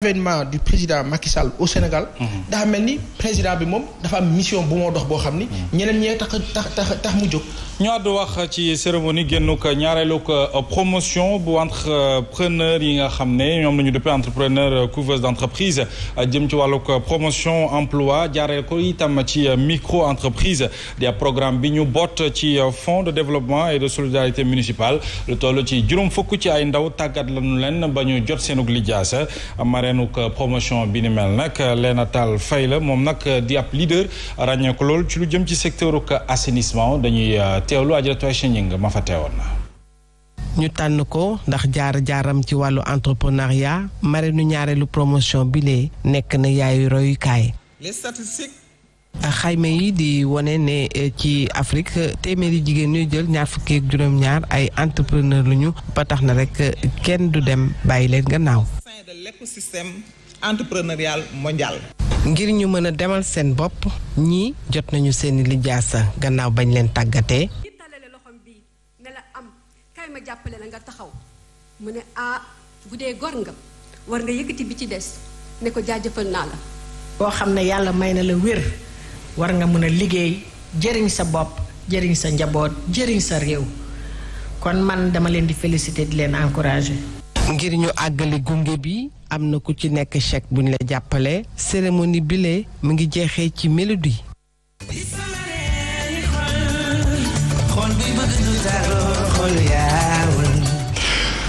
avènement du président Macky au Sénégal mhm. daa mel ni président bi moom dafa mission bu moo dox boo xam ni mhm. ñeneen ñee tax tax tax mu jóg ñu àddu wax ci cérémonie génnuk ñaareeluk euh, promotion bu entrepreneur yi nga xam ne ñoom la ñu duppee entrepreneur euh, couveuse d'entreprise euh, jëm ci wàlluk promotion emploi jaaree ko itam ci micro entreprise di programme bi ñu boot ci fonds de développement et de solidarité municipale lu toll ci juróom fukk ci ay ndaw tàggat lañu leen ba jot seenug lijaasa reenuk euh, promotion bi ni nag euh, Léna Tall Faye la moom nag euh, di ab leader ràññee ko lool ci lu jëm ci secteur assainissement dañuy teewlu Adjaratou Aïcha Gningue ma fa teewoon na ñu tànn ko ndax jaar-jaaram ci wàllu entrepreneuriat marinu ñaareelu promotion bi nekk na yaayu royukaay les ah, xayma yi di wane ne ci Afrique téeméeri jigéen ñuy jël ñaar fukki juróom-ñaar ay entrepreneur lañu ba tax na rek kenn du dem bàyyi leen gannaaw de l'écosystème entrepreneurial mondial. ngir ñu mën a demal seen bopp ñii jot nañu seeni lijaasa gannaaw bañ leen tàggatee. ki talale loxoom bi ne la am kay ma jàppale la nga taxaw mu ne ah bu dee gor nga war nga yëkkati bi ci des ne ko jaajëfal naa la. koo xam ne yàlla may na la wér war nga mën a liggéey jëriñ sa bopp jëriñ sa njaboot jëriñ sa réew kon man dama leen di félicité di leen encourager. ngir ñu àggale gunge bi am na ku ci nekk chèque buñ la jàppale cérémonie bile mu ngi jeexee ci mélodie.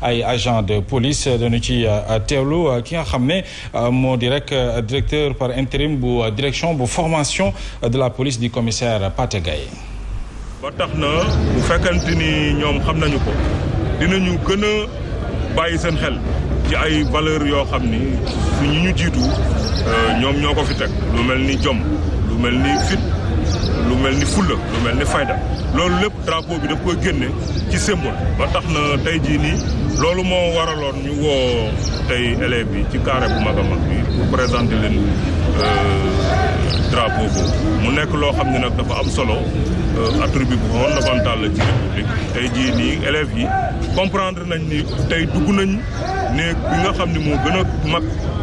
ay agent de police dañu ci euh, teelu euh, ki nga xam ne euh, moo di rek directeur par intérim bu direction bu formation de la police du commissaire Pathé Gaye ba tax na bu fekkante ni ñoom xam nañu ko dinañu gën a bàyyi seen xel ci ay valeur yoo xam ni su ñu ñu jiitu ñoom ñoo ko fi teg lu mel ni jom lu mel ni fit lu mel ni fulla lu mel ni fayda loolu lépp drapeau bi daf ko génne ci symbole ba tax na tey jii nii loolu moo waraloon ñu woo tey élève bi ci carré bu mag a mag bi pour leen euh, drapeau boobu mu nekk loo xam ne nag dafa am solo euh, attribut bu fondamental la tey jii nii élèves yi comprendre nañ ni tey dugg nañ néeg bi nga xam ni moo gën a mag